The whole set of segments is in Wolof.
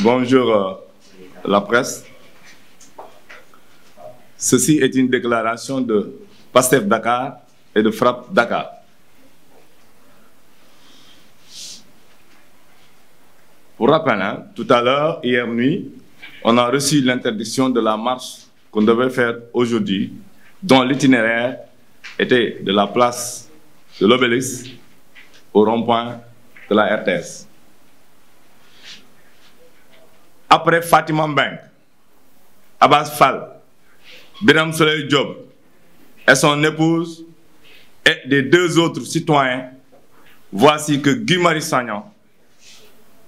Bonjour euh, la presse. Ceci est une déclaration de Pasteur Dakar et de Frappe Dakar. Pour rappel, hein, tout à l'heure, hier nuit, on a reçu l'interdiction de la marche qu'on devait faire aujourd'hui, dont l'itinéraire était de la place de l'obélisque au rond-point de la RTS après Fatima Bank, Abbas Fall, Biram Soleil Job et son épouse et des deux autres citoyens, voici que Guy Marie Sagnan,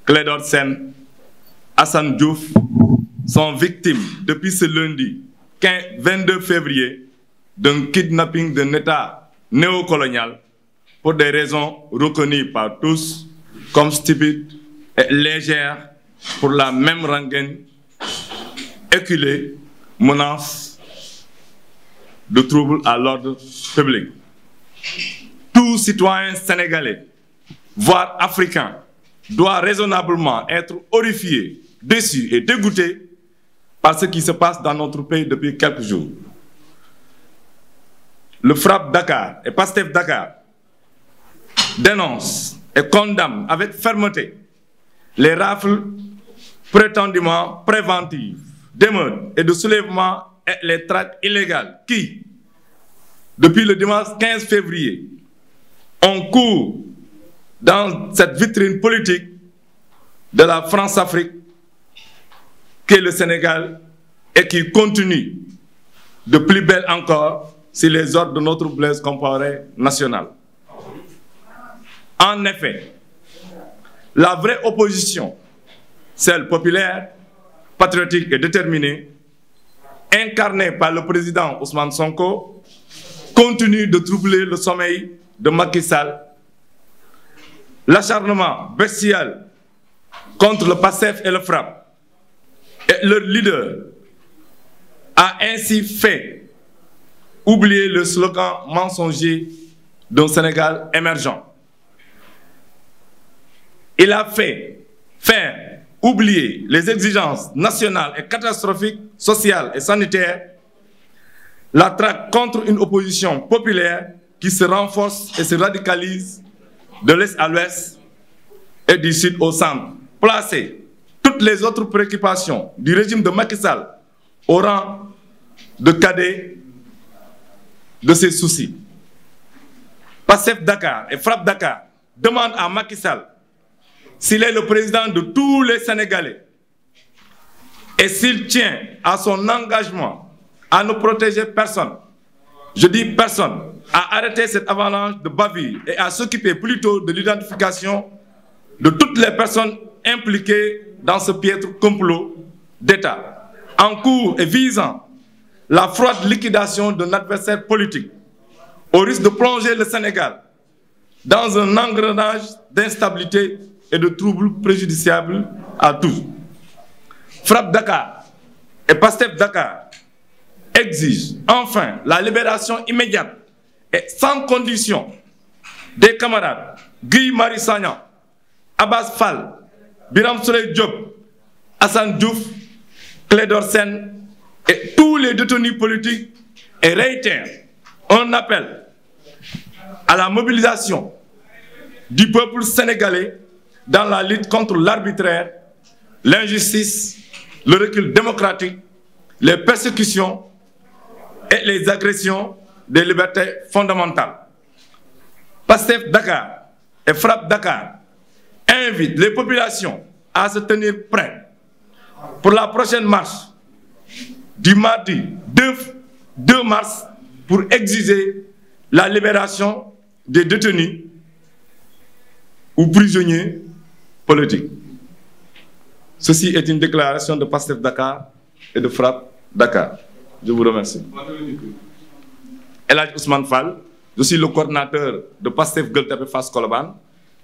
Clédor Hassan Diouf sont victimes depuis ce lundi 15, 22 février d'un kidnapping d'un État néocolonial pour des raisons reconnues par tous comme stupides et légères pour la même rengaine éculée menace de troubles à l'ordre public. Tout citoyen sénégalais, voire africain, doit raisonnablement être horrifié, déçu et dégoûté par ce qui se passe dans notre pays depuis quelques jours. Le frappe Dakar et Pastef Dakar dénonce et condamne avec fermeté les rafles prétendument préventive d'émeutes et de soulèvement et les tracts illégales qui, depuis le dimanche 15 février, ont cours dans cette vitrine politique de la France-Afrique qu'est le Sénégal et qui continue de plus belle encore si les ordres de notre blesse comparée national. En effet, la vraie opposition celle populaire, patriotique et déterminée, incarnée par le président Ousmane Sonko, continue de troubler le sommeil de Macky Sall. L'acharnement bestial contre le PASSEF et le FRAP, et leur leader, a ainsi fait oublier le slogan mensonger d'un Sénégal émergent. Il a fait faire oublier les exigences nationales et catastrophiques, sociales et sanitaires, la traque contre une opposition populaire qui se renforce et se radicalise de l'Est à l'Ouest et du Sud au Centre. Placer toutes les autres préoccupations du régime de Macky Sall au rang de cadet de ses soucis. PASSEF Dakar et Frappe Dakar demandent à Macky Sall s'il est le président de tous les Sénégalais et s'il tient à son engagement à ne protéger personne, je dis personne, à arrêter cette avalanche de bavures et à s'occuper plutôt de l'identification de toutes les personnes impliquées dans ce piètre complot d'État en cours et visant la froide liquidation d'un adversaire politique au risque de plonger le Sénégal dans un engrenage d'instabilité et de troubles préjudiciables à tous. Frappe Dakar et Pastef Dakar exigent enfin la libération immédiate et sans condition des camarades Guy Marie Sagnan, Abbas Fall, Biram Soleil Diop, Hassan Diouf, Clédor Sen et tous les détenus politiques et réitèrent un appel à la mobilisation du peuple sénégalais dans la lutte contre l'arbitraire, l'injustice, le recul démocratique, les persécutions et les agressions des libertés fondamentales. PASTEF Dakar et Frappe Dakar invitent les populations à se tenir prêts pour la prochaine marche du mardi 2, mars pour exiger la libération des détenus ou prisonniers politique. Ceci est une déclaration de PASTEF Dakar et de Frappe Dakar. Je vous remercie. Elhaj Ousmane Fall, je suis le coordinateur de PASTEF Gultepe Fas Koloban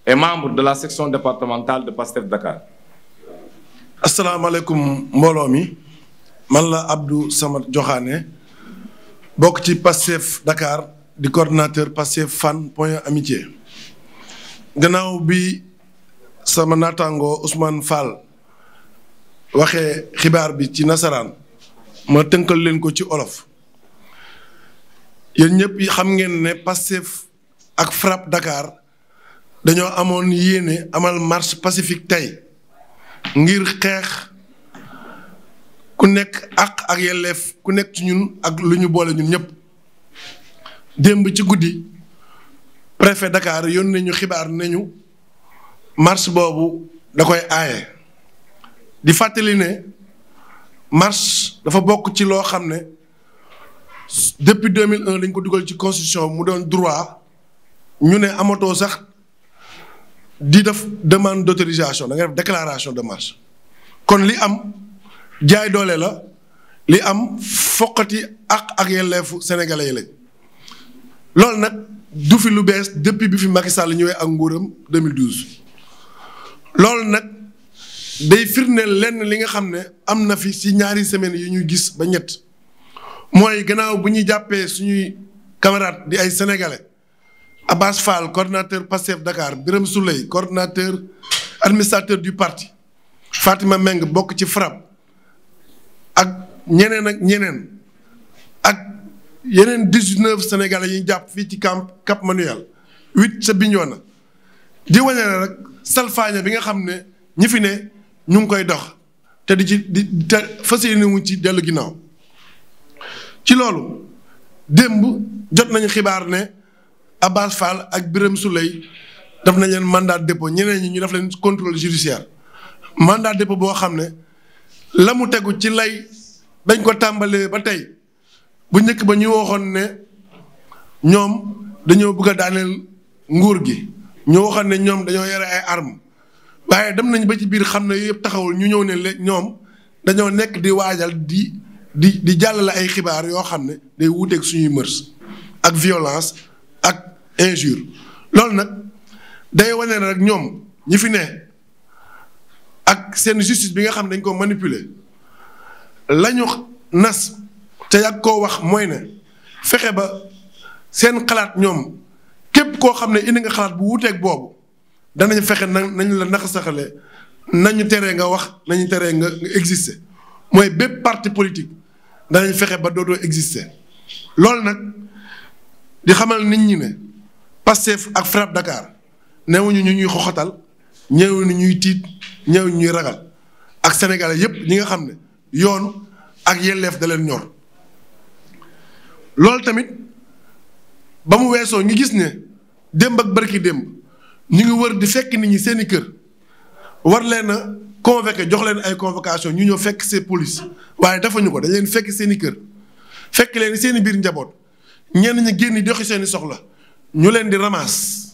et membre de la section départementale de PASTEF Dakar. Assalamu alaikum Molomi, Mala Abdou Samad Johane, Bokti PASTEF Dakar di coordinateur PASTEF Fan point amitié. Gannaaw sama nataangoo Ousmane Fall waxee xibaar bi ci nasaraan ma tënkal leen ko ci olof yéen ñëpp xam ngeen ne Pastef ak FRAPP dakaar dañoo amoon yéene amal marche pacifique tey ngir xeex ku nekk àq ak yelleef ku nekk ci ñun ak lu ñu boole ñun ñépp démb ci guddi préfet Dakar yónnee ñu xibaar nañu mars bobu da koy ayé di fàttali ne mars dafa bok ci lo xamné depuis 2001 dañ ko dugal ci constitution mu don droit ñu né amato sax di def demande d'autorisation da nga def déclaration de marche kon li am jaay doole la li am foqati ak ak yelleefu sénégalais yi lañ loolu nag du fi lu bees depuis bi fi Macky Sall ak nguuram 2012. loolu nag day firndeel lenn li nga xam ne am na fi si ñaari semaines yu ñu gis ba ñett mooy gannaaw bu ñuy jàppee suñuy camarades di ay sénégalais Abbas Fall coordonnateur Pastef Dakar Birame Souley coordonnateur administrateur du parti Fatima Meng bokk ci FRAPP ak ñeneen ak ñeneen ak yeneen dix-neuf sénégalais yi jàpp fii ci camp Cap Manuel huit sa Bignona di wane ne rek salfaañe bi nga xam ne ñi fi ne ñu ngi koy dox te di ci di te fas yéene wuñ ci dellu ginnaaw ci loolu démb jot nañu xibaar ne Abbas Fall ak Birame Souley daf nañ leen mandat dépôt ñeneen ñi ñu def leen contrôle judiciaire mandat dépôt boo xam ne la mu tegu ci lay dañ ko tàmbalee ba tey bu njëkk ba ñuy waxoon ne ñoom dañoo bëgg a daaneel nguur gi ñu waxoon ne ñoom dañoo yore ay arm waaye dem nañ ba ci biir xam ne yëpp taxawul ñu ñëw ne le ñoom dañoo nekk di waajal di di di jàllale ay xibaar yoo xam ne day wuuteeg suñuy mërs ak violence ak injure loolu nag day wane ne rek ñoom ñi fi ne ak seen justice bi nga xam dañ ko manipuler lañu nas te yàgg koo wax mooy ne fexe ba seen xalaat ñoom koo xam ne indi nga xalaat bu wuuteeg boobu danañ fexe na nañu la naxa saxale nañu teree nga wax nañu teree nga exister mooy bépp parti politique danañ fexe ba doodoo exister loolu nag di xamal nit ñi ne Pastef ak FRAPP Dakar newuñu ñu ñuy xoxotal ñëw ni ñuy tiit ñëw ñuy ragal ak sénégal yépp ñi nga xam ne yoon ak yelleef da leen ñor loolu tamit ba mu weesoo ñu gis ne démb ak barki démb ñu ngi wër di fekk nit ñi seen i kër war leen a jox leen ay convocation ñu ñëw fekk seen police waaye dafa ñu ko dañ leen fekk seen i kër fekk leen seen i biir njaboot ñenn ñi génn doxi seeni soxla ñu leen di ramaas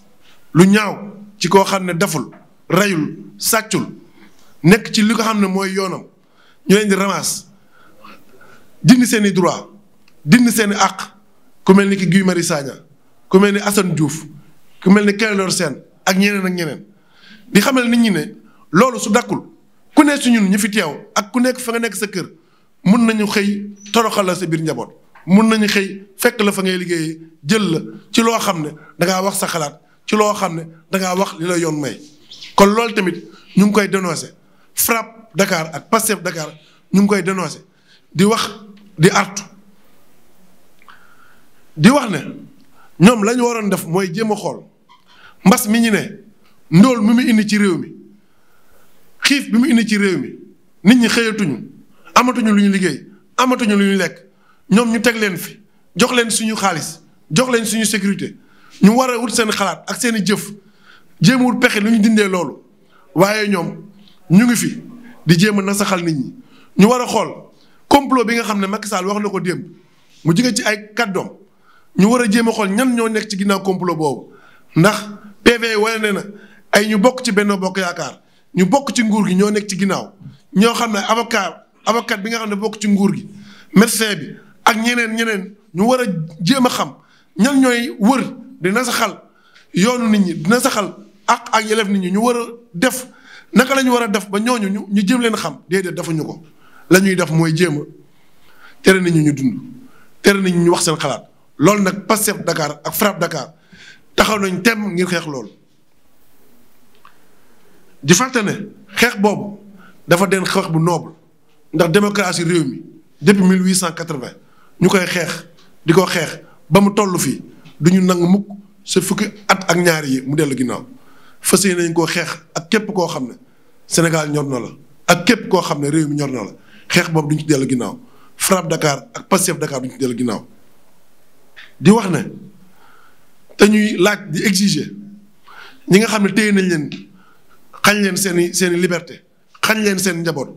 lu ñaaw ci koo xam ne daful reyul sàccul nekk ci li ko xam ne mooy yoonam ñu leen di ramaas dindi seeni i droit dindi seen àq ku mel ni ki Guy Marius Sagna ku mel ni Assane Diouf ku mel ni Clédor seen ak ñeneen ak ñeneen di xamal nit ñi ne loolu su dakkul ku nekk su ñun ñu fi teew ak ku nekk fa nga nekk sa kër mun nañu xëy toroxal la sa biir njaboot mun nañu xëy fekk la fa ngay liggéeyee jël la ci loo xam ne da ngaa wax sa xalaat ci loo xam ne da wax li la yoon may. kon loolu tamit ñu ngi koy dénoncé FRAPP Dakar ak PASTEF Dakar ñu ngi koy dénoncé di wax di artu di wax ne ñoom lañu waroon def mooy jéem a xool. mbas mi ñu ne ndóol mi mu indi ci réew mi xiif bi mu indi ci réew mi nit ñi xëyatuñu amatuñu lu ñu liggéey amatuñu lu ñu lekk ñoom ñu teg leen fi jox leen suñu xaalis jox leen suñu sécurité ñu war a wut seen xalaat ak seen i jëf jéem wut pexe lu ñu dindee loolu waaye ñoom ñu ngi fi di jéem a nasaxal nit ñi ñu war a xool complot bi nga xam ne Macky Sall wax na ko démb mu jóge ci ay kàddoom ñu war a jéem a xool ñan ñoo nekk ci ginnaaw complot boobu ndax PV wane ne na ay ñu bokk ci benn Bokk Yaakaar ñu bokk ci nguur gi ñoo nekk ci ginnaaw ñoo xam ne avocat avocat bi nga xam ne bokk ci nguur gi médecin bi ak ñeneen ñeneen ñu war a jéem a xam ñan ñooy wër dina xal yoonu nit ñi dina saxal ak ak yelef nit ñi ñu war a def naka la war a def ba ñooñu ñu ñu jéem leen xam déedéet defuñu ko lañuy def mooy jéem a tere nit ñu ñu dund tere nit ñi ñu wax seen xalaat loolu nag Pastef Dakar ak FRAPP Dakar. taxaw nañ temm ngir xeex loolu di fàtte ne xeex boobu dafa den xeex bu noble ndax démocratie réew mi depuis 1880 ñu koy xeex di ko xeex ba mu toll fii duñu nang nangu mukk sa fukki at ak ñaar yi mu dell ginnaaw fas yéene nañ koo xeex ak képp koo xam ne Sénégal ñor na la ak képp koo xam ne réew mi ñor na la xeex boobu duñ ci dellu ginnaaw FRAPP Dakar ak Pastef Dakar duñ ci dellu ginnaaw di wax ne. dañuy laaj di exiger ñi nga xam ne téye nañ leen xañ leen seeni i seen i liberté xañ leen seen njaboot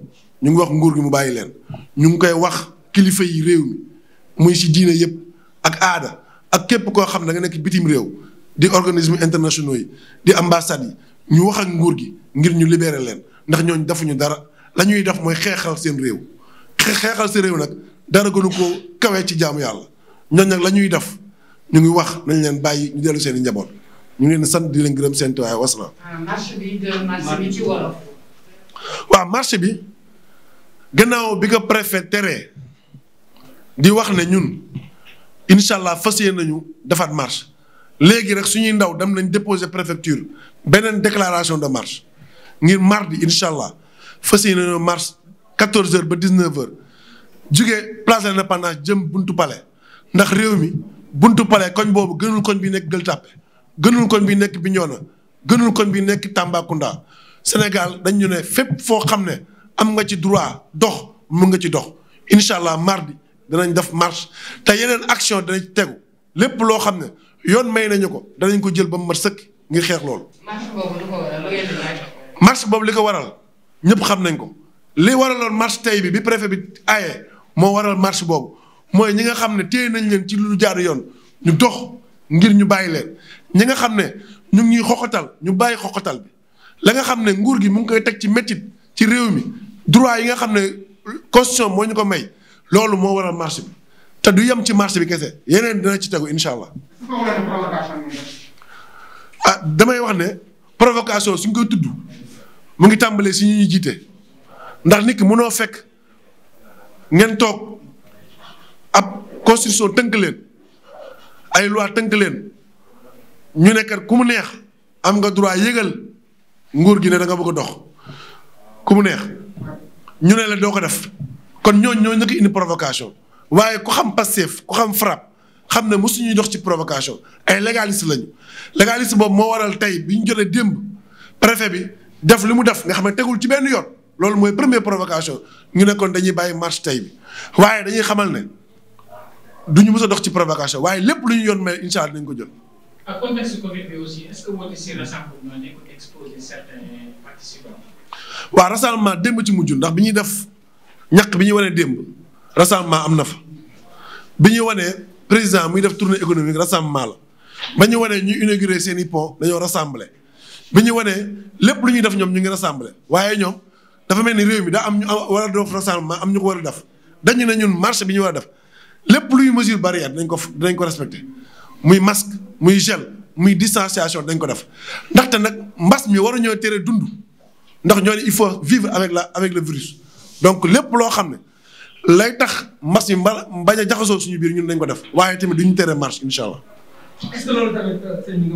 ñu ngi wax nguur gi mu bàyyi leen ñu ngi koy wax kilifa yi réew mi muy ci diine yëpp ak aada ak képp koo xam ne da nga nekk bitim réew di organisme internationaux yi di ambassades yi ñu wax ak nguur gi ngir ñu libérer leen ndax ñooñu defuñu dara la ñuy def mooy xeexal seen réew xeexal seen réew nag dara gënu ko kawee ci jaamu yàlla ñooñu nag la ñuy def. ñu ngi wax nañ leen bàyyi ñu dellu seen i njaboot ñu ngi sant di leen gërëm seen teewaay wasalaam. marche bi de marche bi ci bi gannaaw bi ko préfet tere di wax ne ñun incha allah fas yéene nañu defaat marché léegi rek suñuy ndaw dem nañ déposer préfecture beneen déclaration de marché ngir mardi incha allah fas yéene nañu marché 14h ba 19h jugee place de l'indépendance jëm buntu pale ndax réew mi. buntu pare koñ boobu gënul koñ bi nekk Gueule Tapée gënul koñ bi nekk Bignona gënul koñ bi nekk Tambacounda Sénégal dañ ñu ne fépp foo xam ne am nga ci droit dox mun nga ci dox incha allah mardi danañ def marche te yeneen action danañ ci lépp loo xam ne yoon may nañu ko danañ ko jël ba mu mat sëkk ngir xeex loolu. boobu li ko waral marche ñëpp xam nañ ko li waraloon marche tey bi bi préfet bi aaye moo waral marche boobu. mooy ñi nga xam ne téye nañ leen ci lu jaar yoon ñu dox ngir ñu bàyyi leen ñi nga xam ne ñu ngi ñuy ñu bàyyi xoxatal bi la nga xam ne nguur gi mu ngi koy teg ci métit ci réew mi droit yi nga xam ne constitution moo ñu ko may loolu moo waral marché bi te du yem ci marché bi kese yeneen dina ci tegu incha allah. ah damay wax ne provocation suñ ko tudd mu ngi tàmbalee si ñu ñuy jiite ndax nit ki mënoo fekk ngeen toog. constitution tënk leen ay loi tënk leen ñu ne kat ku mu neex am nga droit yëgal nguur gi ne da nga bëgg a dox ku mu neex ñu ne la doo ko def kon ñooñ ñoo ñu ko provocation waaye koo xam Pastef ku xam FRAPP xam ne mosu ñuy dox ci provocation ay légaliste lañu légaliste boobu moo waral tey bi ñu jotee démb préfet bi daf li mu def nga xam ne tegul ci benn yoon loolu mooy première provocation ñu ne dañuy bàyyi marche tey bi waaye dañuy xamal ne. du ñu mës a dox ci provocation waaye lépp lu ñu yoon may incha allah ko jël. ak contexte démb ci mujj ndax bi ñuy def ñaq bi ñuy wane démb rassemblement am na fa bi ñuy wane président muy def tournée économique rassemblement la ba ñu wane ñu inauguré seen i pont dañoo rassemblé bi ñu wane lépp lu ñuy def ñoom ñu ngi rassemblé waaye ñoom dafa mel ni réew mi daa am ñu war a def rassemblement am ñu ko war a def dañu na ñun marché bi ñu war a def. lepp luy mesure barrière dañ ko dañ ko respecté muy masque muy gel muy distanciation dañ ko def ndaxte nak mbass mi waru ñoo téré dund ndax ñoo il faut vivre avec la avec le virus donc lepp lo xamné ne lay tax mbass mi baña jaxoso suñu biir ñun dañ ko def waye tamit duñu téré marche inshallah est ce mi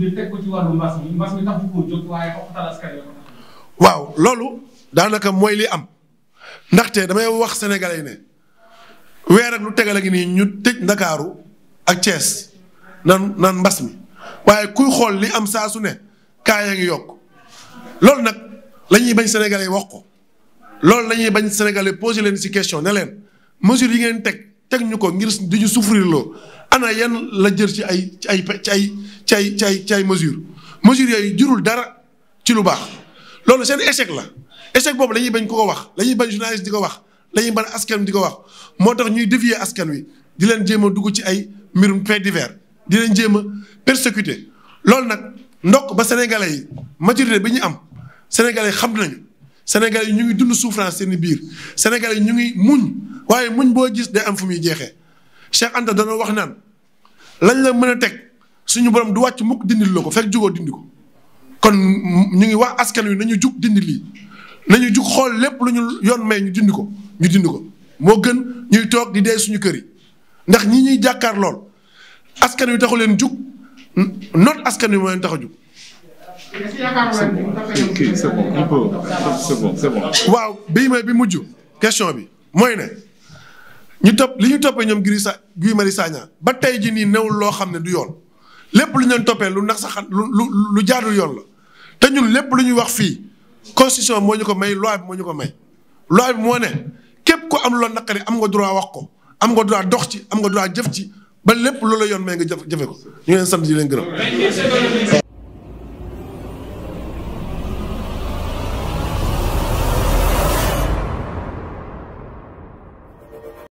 mi tax am ndaxte damay wax sénégalais yi ne weer lu tegal a ngi nii ñu tëj ndakaaru ak Thiès nan naan mbas mi waaye kuy xool li am saasu ne kaa yaa ngi yokk loolu nag lañuy ñuy bañ sénégalais wax ko loolu lañuy ñuy bañ sénégalais posé leen ci question ne leen mesure yi ngeen teg teg ñu ko ngir di ñu souffrir loo ana yan la jël ci ay ci ay ci ay ci ay ci ay ci mesure yooyu jurul dara ci lu baax loolu seen échec la. échec boobu la bañ koo wax lañuy ñuy bañ journaliste di ko wax lañuy ñuy askan mi di ko wax moo tax ñuy dévier askan wi di leen jéem a dugg ci ay mbirum fait divers di leen jéem a persécuter loolu nag ndox ba sénégalais yi maturité bi ñu am sénégalais yi xam nañu yi ñu ngi dund souffrance seen biir sénégalais yi ñu ngi muñ waaye muñ boo gis day am fu muy jeexee Cheikh Anta dañoo wax naan lañ la mën a teg suñu borom du wàcc mukk dindil la ko fekk jugoo dindi ko kon ñu ngi wax askan wi nañu jug dindi lii nañu jug xool lépp lu ñu yoon may ñu dindi ko ñu dindi ko moo gën ñuy toog di dee suñu kër yi ndax ñi ñuy jàkkaar lool askan wi taxu leen jug noot askan wi moo leen tax a jug. waaw bii may bi mujj question bi mooy ne ñu topp li ñu toppee ñoom Guy sa Guy Marius Sagna ba tey ji nii newul loo xam ne du yoon lépp lu ñu leen toppee lu nax sax lu lu jaadul yoon la te ñun lépp lu ñuy wax fii. constitution moo ñu ko may loi bi moo ñu ko may loi bi moo ne képp ko am loolu naqari am nga droit wax ko am nga droit dox ci am nga droit jëf ci ba lépp loola yoon may nga jëf jëfe ko ñu ngi leen sant di leen gërëm